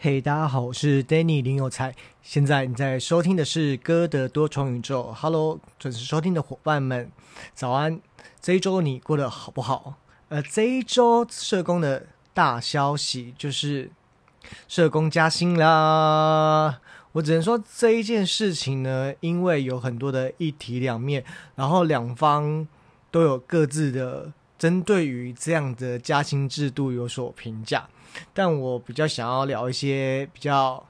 嘿，hey, 大家好，我是 Danny 林有才，現在你在收聽的是歌的多重宇宙。Hello，準時收聽的夥伴們，早安！這一周你過得好不好？呃，這一周社工的大消息就是社工加薪啦。我只能說這一件事情呢，因為有很多的一體兩面，然後兩方都有各自的針對於這樣的加薪制度有所評價。但我比較想要聊一些比較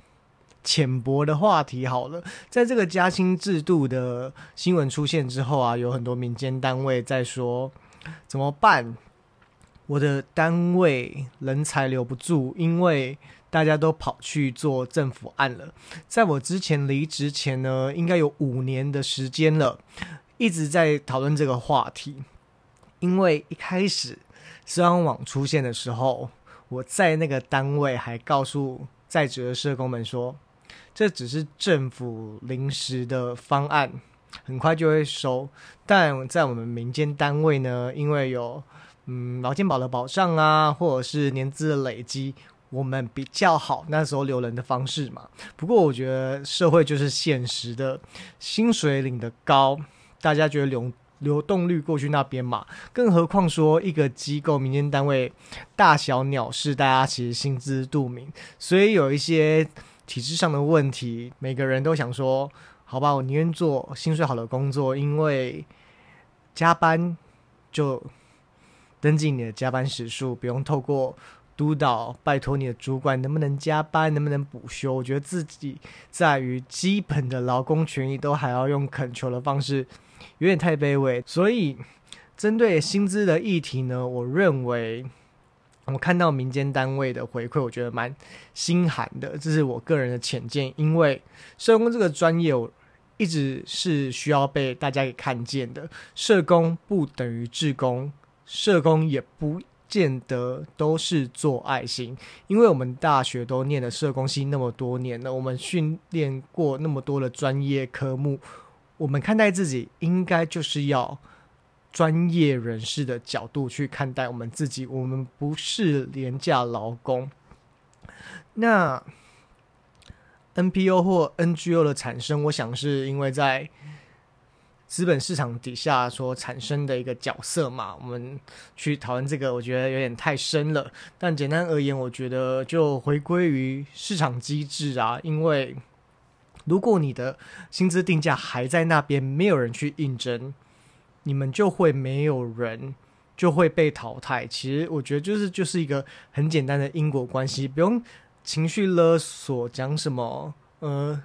淺薄的話題。好了，在這個加薪制度的新聞出現之後啊，有很多民間單位在說怎麼辦？我的單位人才留不住，因為大家都跑去做政府案了。在我之前離職前呢，應該有五年的時間了，一直在討論這個話題。因為一開始，社交網出現的時候。我在那個單位還告訴在職的社工們說，這只是政府臨時的方案，很快就會收。但在我們民間單位呢，因為有嗯勞健保的保障啊，或者是年資的累積，我們比較好那時候留人的方式嘛。不過我覺得社會就是現實的，薪水領得高，大家覺得留。流動率過去那邊嘛，更何況說一個機構、民間單位大小鳥事，大家其實心知肚明，所以有一些體制上的問題，每個人都想說：好吧，我寧願做薪水好的工作，因為加班就登記你的加班時數，不用透過。督導，拜托你的主管能不能加班，能不能補休？我覺得自己在於基本的勞工權益都還要用懇求的方式，有點太卑微。所以，針對薪資的議題呢，我認為我看到民間單位的回饋，我覺得蠻心寒的。這是我個人的淺見，因為社工這個專業，我一直是需要被大家給看見的。社工不等於志工，社工也不。見得都是做愛心，因為我們大學都念了社工系那麼多年了，我們訓練過那麼多的專業科目，我們看待自己應該就是要專業人士的角度去看待我們自己，我們不是廉價勞工。那 NPO 或 NGO 的產生，我想是因為在。資本市場底下所產生的一個角色嘛，我們去討論這個，我覺得有點太深了。但簡單而言，我覺得就回歸於市場機制啊，因為如果你的薪資定價還在那邊，沒有人去應徵，你們就會沒有人就會被淘汰。其實我覺得就是就是一個很簡單的因果關係，不用情緒勒索，講什麼呃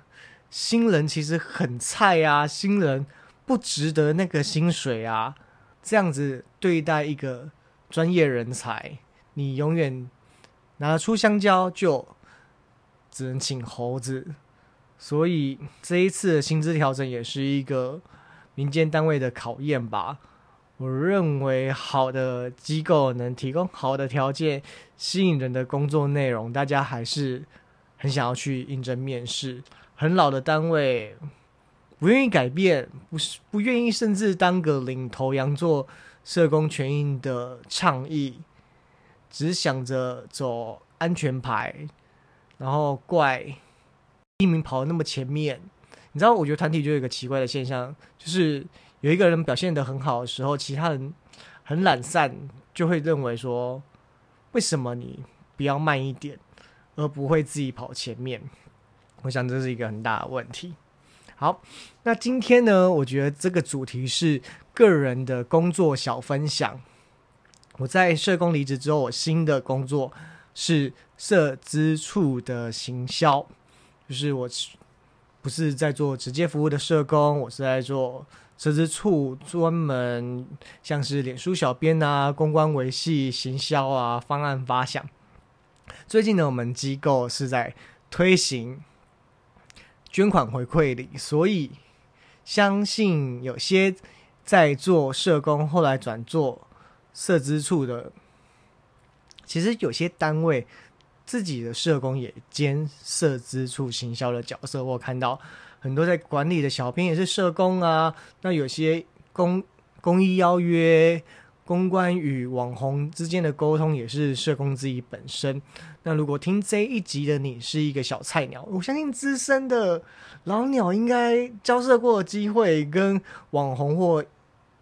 新人其實很菜啊，新人。不值得那個薪水啊！這樣子對待一個專業人才，你永遠拿出香蕉就只能請猴子。所以這一次的薪資調整也是一個民間單位的考驗吧。我認為好的機構能提供好的條件、吸引人的工作內容，大家還是很想要去應徵面試。很老的單位。不願意改變，不是不願意，甚至當個領頭羊做社工權益的倡議，只想着走安全牌，然後怪第一名跑那麼前面。你知道，我覺得團體就有一個奇怪的現象，就是有一個人表現得很好的時候，其他人很懶散，就會認為說，為什麼你不要慢一點，而不會自己跑前面？我想這是一個很大的問題。好，那今天呢，我覺得這個主題是個人的工作小分享。我在社工離職之後，我新的工作是社資處的行銷，就是我不是在做直接服務的社工，我是在做社資處專門像是臉書小編啊、公關維繫、行銷啊、方案發想。最近呢，我們機構是在推行。捐款回饋裡，所以相信有些在做社工，後來轉做社資處的，其實有些單位自己的社工也兼社資處行銷的角色。我看到很多在管理的小編也是社工啊，那有些公公益邀約。公關與網紅之間的溝通也是社工自己本身。那如果聽這一集的你是一個小菜鳥，我相信資深的老鳥應該交涉過的機會跟網紅或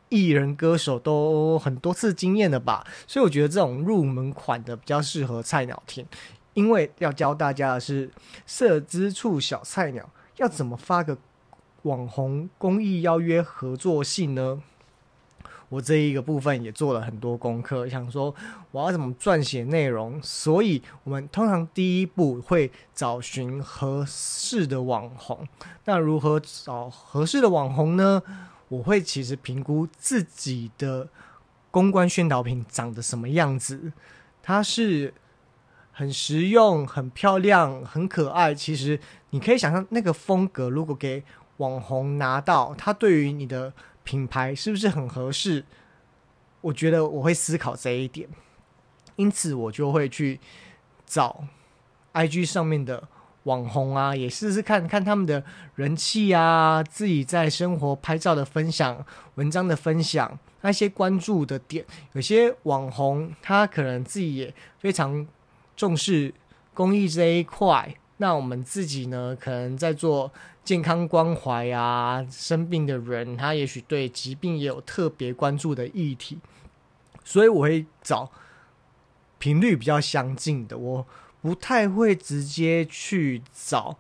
藝人歌手都很多次經驗了吧。所以我覺得這種入門款的比較適合菜鳥聽，因為要教大家的是社資處小菜鳥要怎麼發個網紅公益邀約合作信呢？我這一個部分也做了很多功課，想說我要怎麼撰寫內容，所以我們通常第一步會找尋合適的網紅。那如何找合適的網紅呢？我會其實評估自己的公關宣導品長得什麼樣子，它是很實用、很漂亮、很可愛。其實你可以想象那個風格，如果給網紅拿到，它對於你的。品牌是不是很合適？我覺得我會思考這一點，因此我就會去找 IG 上面的網紅啊，也試試看看他們的人氣啊，自己在生活拍照的分享、文章的分享，那些關注的點。有些網紅他可能自己也非常重視公益這一塊。那我們自己呢？可能在做健康關懷啊，生病的人他也許對疾病也有特別關注的議題，所以我會找頻率比較相近的，我不太會直接去找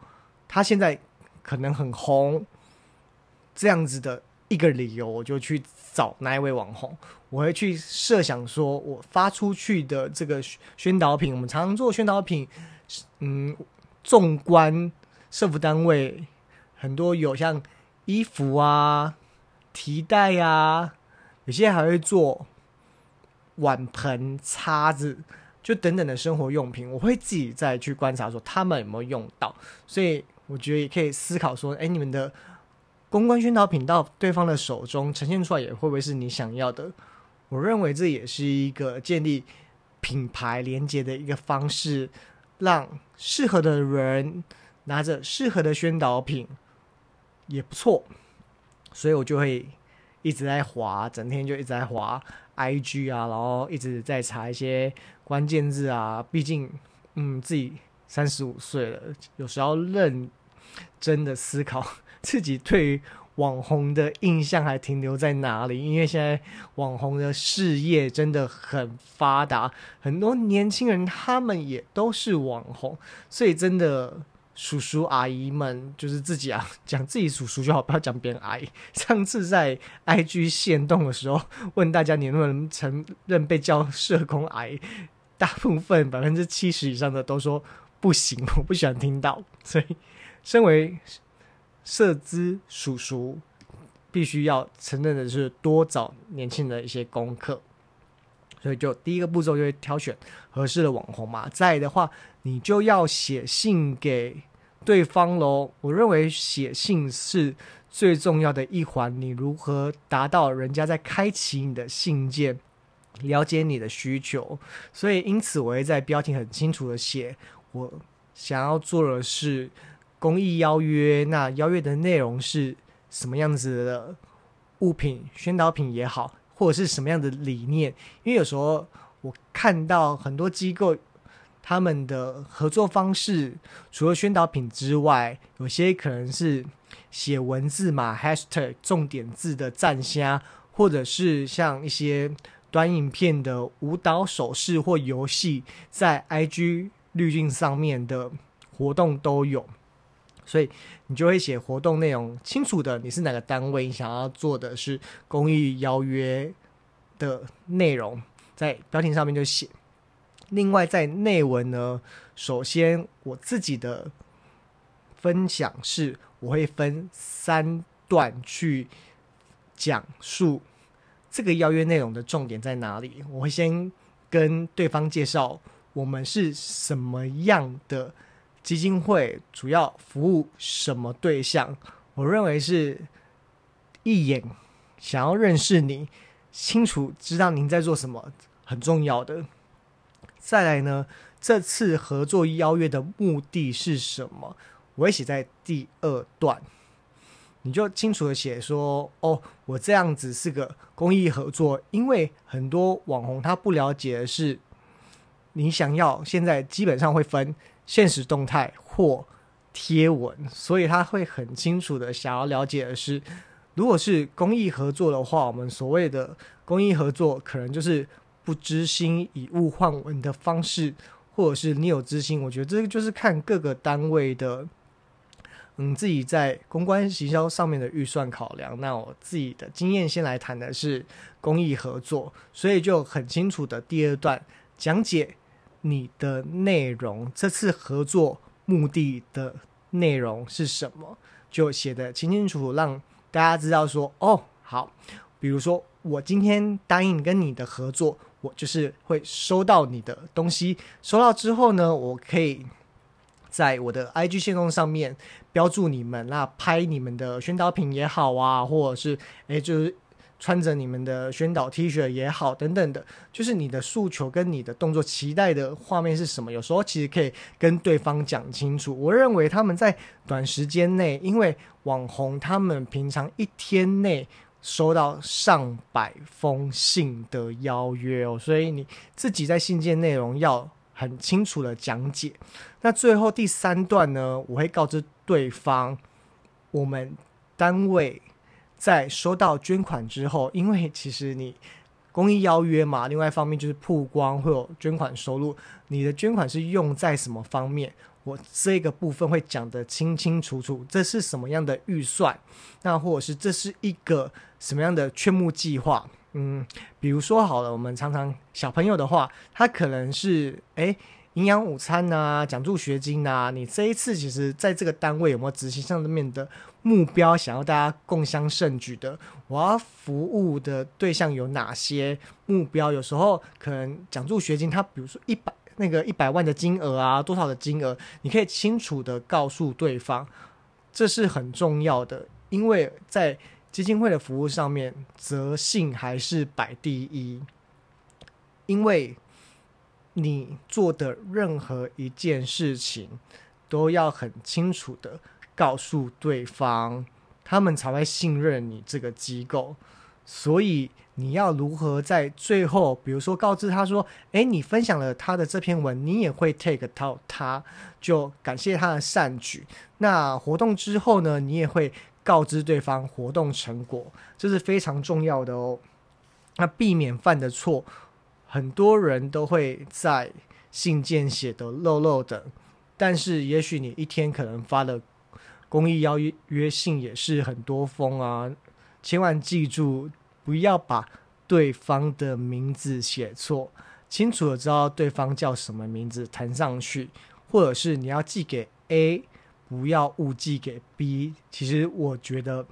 他現在可能很紅這樣子的一個理由，我就去找哪一位網紅。我會去設想，說我發出去的這個宣導品，我們常常做宣導品，嗯。縱觀社服單位，很多有像衣服啊、提袋呀、啊，有些還會做碗盆、叉子，就等等的生活用品。我會自己再去觀察說他們有沒有用到，所以我覺得也可以思考說：哎，你們的公關宣導品到對方的手中呈現出來，也會不會是你想要的？我認為這也是一個建立品牌連接的一個方式。讓適合的人拿着適合的宣導品也不錯，所以我就會一直在滑，整天就一直在滑 IG 啊，然後一直在查一些關鍵字啊。畢竟，嗯，自己三十五歲了，有時候認真的思考自己對於，網紅的印象還停留在哪裡？因為現在網紅的事業真的很發達，很多年輕人他們也都是網紅，所以真的叔叔阿姨們就是自己啊，講自己叔叔就好，不要講別人阿姨。上次在 IG 限動的時候問大家，你們承認被叫社工阿姨？大部分百分之七十以上的都說不行，我不喜歡聽到。所以，身為社資處，叔叔必須要承認的是，多找年輕人的一些功課。所以，就第一個步驟，就會挑選合適的網紅嘛。再來的話，你就要寫信給對方嘍。我認為寫信是最重要的一環。你如何達到人家在開啟你的信件，了解你的需求？所以，因此我會在標題很清楚的寫，我想要做的是。公益邀約，那邀約的內容是什麼樣子的物品？宣導品也好，或者是什麼樣的理念？因為有時候我看到很多機構他們的合作方式，除了宣導品之外，有些可能是寫文字嘛，hashtag 重點字的戰蝦，或者是像一些短影片的舞蹈、手勢或遊戲，在 IG 濾鏡上面的活動都有。所以你就會寫活動內容清楚的，你是哪個單位？你想要做的是公益邀約的內容，在標題上面就寫。另外，在內文呢，首先我自己的分享是，我會分三段去講述這個邀約內容的重點在哪裡。我會先跟對方介紹我們是什麼樣的。基金會主要服務什麼對象？我認為是一眼想要認識你，清楚知道您在做什麼，很重要的。再來呢，這次合作邀約的目的是什麼？我會寫在第二段，你就清楚地寫說：“哦，我這樣子是個公益合作，因為很多網紅他不了解的是，你想要現在基本上會分。”現實動態或貼文，所以他會很清楚的想要了解的是，如果是公益合作的話，我們所謂的公益合作，可能就是不知心以物換文的方式，或者是你有知心，我覺得這個就是看各個單位的，嗯，自己在公關行銷上面的預算考量。那我自己的經驗先來談的是公益合作，所以就很清楚的第二段講解。你的內容，這次合作目的的內容是什麼？就寫得清清楚楚，讓大家知道說哦，好。比如說我今天答應跟你的合作，我就是會收到你的東西，收到之後呢，我可以在我的 IG 限動上面標註你們，那拍你們的宣導品也好啊，或者是誒，就是。穿着你們的宣導 T 恤也好，等等的，就是你的訴求跟你的動作期待的畫面是什麼？有時候其實可以跟對方講清楚。我認為他們在短時間內，因為網紅他們平常一天內收到上百封信的邀約哦，所以你自己在信件內容要很清楚的講解。那最後第三段呢，我會告知對方，我們單位。在收到捐款之後，因為其實你公益邀約嘛，另外一方面就是曝光會有捐款收入。你的捐款是用在什麼方面？我這個部分會講得清清楚楚，這是什麼樣的預算，那或者是這是一個什麼樣的募計劃？嗯，比如說好了，我們常常小朋友的話，他可能是誒。欸營養午餐啊，講助學金啊，你這一次其實在這個單位有沒有執行上面的目標？想要大家共襄盛舉的，我要服務的對象有哪些目標？有時候可能講助學金，他比如說一百那個一百萬的金額啊，多少的金額，你可以清楚的告訴對方，這是很重要的，因為在基金會的服務上面，誠信還是擺第一，因為。你做的任何一件事情，都要很清楚的告訴對方，他們才會信任你這個機構。所以你要如何在最後，比如說告知他說：“誒，你分享了他的這篇文，你也會 take 到他，就感謝他的善舉。”那活動之後呢，你也會告知對方活動成果，這是非常重要的哦。那避免犯的錯。很多人都會在信件寫的漏漏的，但是也許你一天可能發的公益邀約信也是很多封啊，千萬記住不要把對方的名字寫錯，清楚的知道對方叫什麼名字彈上去，或者是你要寄給 A，不要誤寄給 B。其實我覺得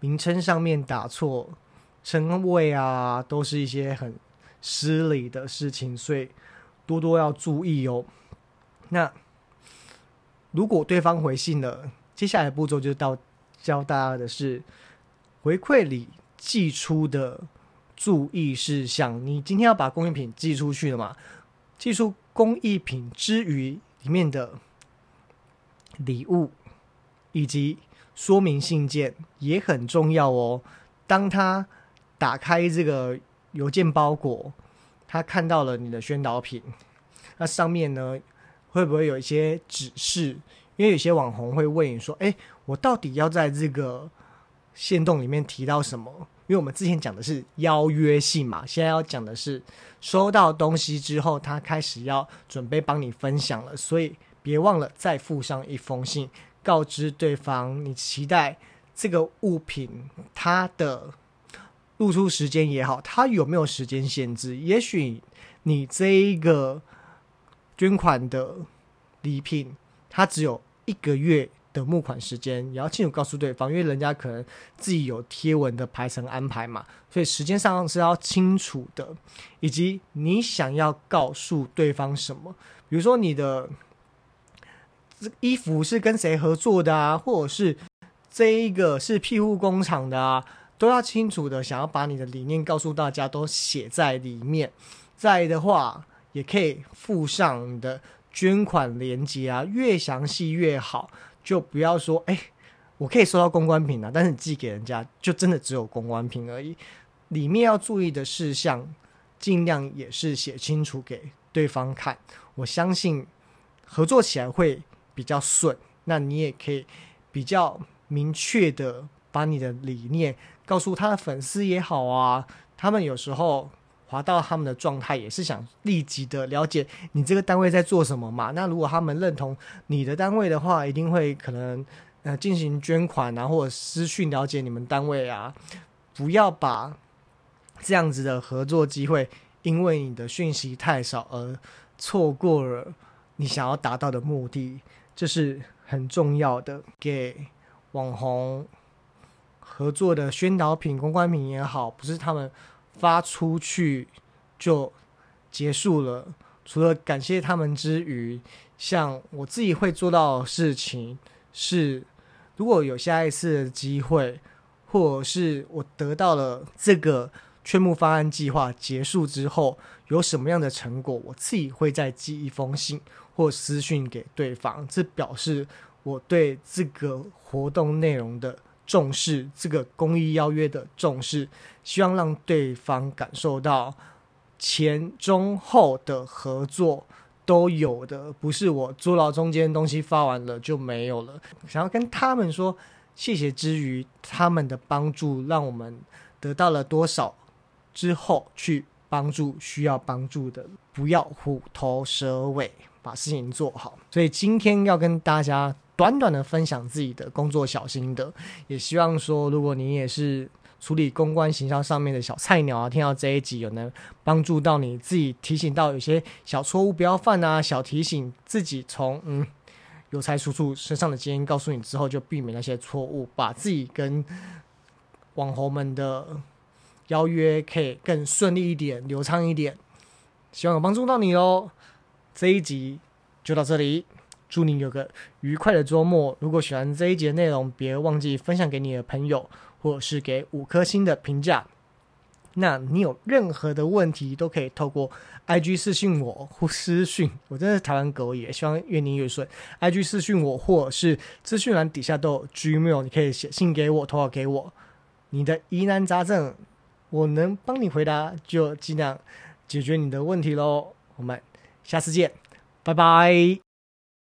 名稱上面打錯稱謂啊，都是一些很。失禮的事情，所以多多要注意哦。那如果對方回信了，接下來的步驟就到教大家的是回饋禮寄出的注意事項。你今天要把工藝品寄出去了嘛？寄出工藝品之餘，裡面的禮物以及說明信件也很重要哦。當他打開這個。郵件包裹，他看到了你的宣導品，那上面呢會不會有一些指示？因為有些網紅會問你說：“誒、欸，我到底要在這個限動裡面提到什麼？”因為我們之前講的是邀約信嘛，現在要講的是收到東西之後，他開始要準備幫你分享了，所以別忘了再附上一封信，告知對方你期待這個物品它的露出時間也好，它有沒有時間限制？也許你這一個捐款的禮品，它只有一個月的募款時間，也要清楚告訴對方，因為人家可能自己有貼文的排程安排嘛，所以時間上是要清楚的。以及你想要告訴對方什麼？比如說你的這衣服是跟誰合作的啊，或者是這一個是庇護工廠的啊。都要清楚的，想要把你的理念告訴大家，都寫在裡面。在的話，也可以附上你的捐款鏈接啊，越詳細越好。就不要說，誒、欸，我可以收到公關品啊，但是寄給人家就真的只有公關品而已。裡面要注意的事項，盡量也是寫清楚給對方看。我相信合作起來會比較順。那你也可以比較明確的把你的理念，告訴他的粉絲也好啊，他們有時候滑到他們的狀態也是想立即的了解你這個單位在做什麼嘛。那如果他們認同你的單位的話，一定會可能呃進行捐款啊，或者私訊了解你們單位啊。不要把這樣子的合作機會，因為你的訊息太少而錯過了你想要達到的目的，這是很重要的。給網紅。合作的宣導品、公關品也好，不是他們發出去就結束了。除了感謝他們之餘，像我自己會做到的事情是，如果有下一次的機會，或者是我得到了這個勸募方案計劃結束之後有什麼樣的成果，我自己會再寄一封信或私訊給對方，這表示我對這個活動內容的。重視這個公益邀約的重視，希望讓對方感受到前中後的合作都有的，不是我做到中間的東西發完了就沒有了。想要跟他們說謝謝之餘，他們的幫助讓我們得到了多少之後去幫助需要幫助的，不要虎頭蛇尾，把事情做好。所以今天要跟大家。短短的分享自己的工作小心得，也希望說，如果你也是處理公關形象上面的小菜鳥啊，聽到這一集有能幫助到你自己，提醒到有些小錯誤不要犯啊，小提醒自己從嗯有才叔叔身上的經驗告訴你之後，就避免那些錯誤，把自己跟網紅們的邀約可以更順利一點、流暢一點，希望有幫助到你哦。這一集就到這裡。祝你有個愉快的週末！如果喜歡這一集的內容，別忘記分享給你的朋友，或者是給五顆星的評價。那你有任何的問題，都可以透過 IG 私訊我或私訊我，真的是台灣狗也希望越念越順。IG 私訊我，或者是資訊欄底下都有 Gmail，你可以寫信給我，投稿給我。你的疑難雜症，我能幫你回答，就盡量解決你的問題嘍。我們下次見，拜拜。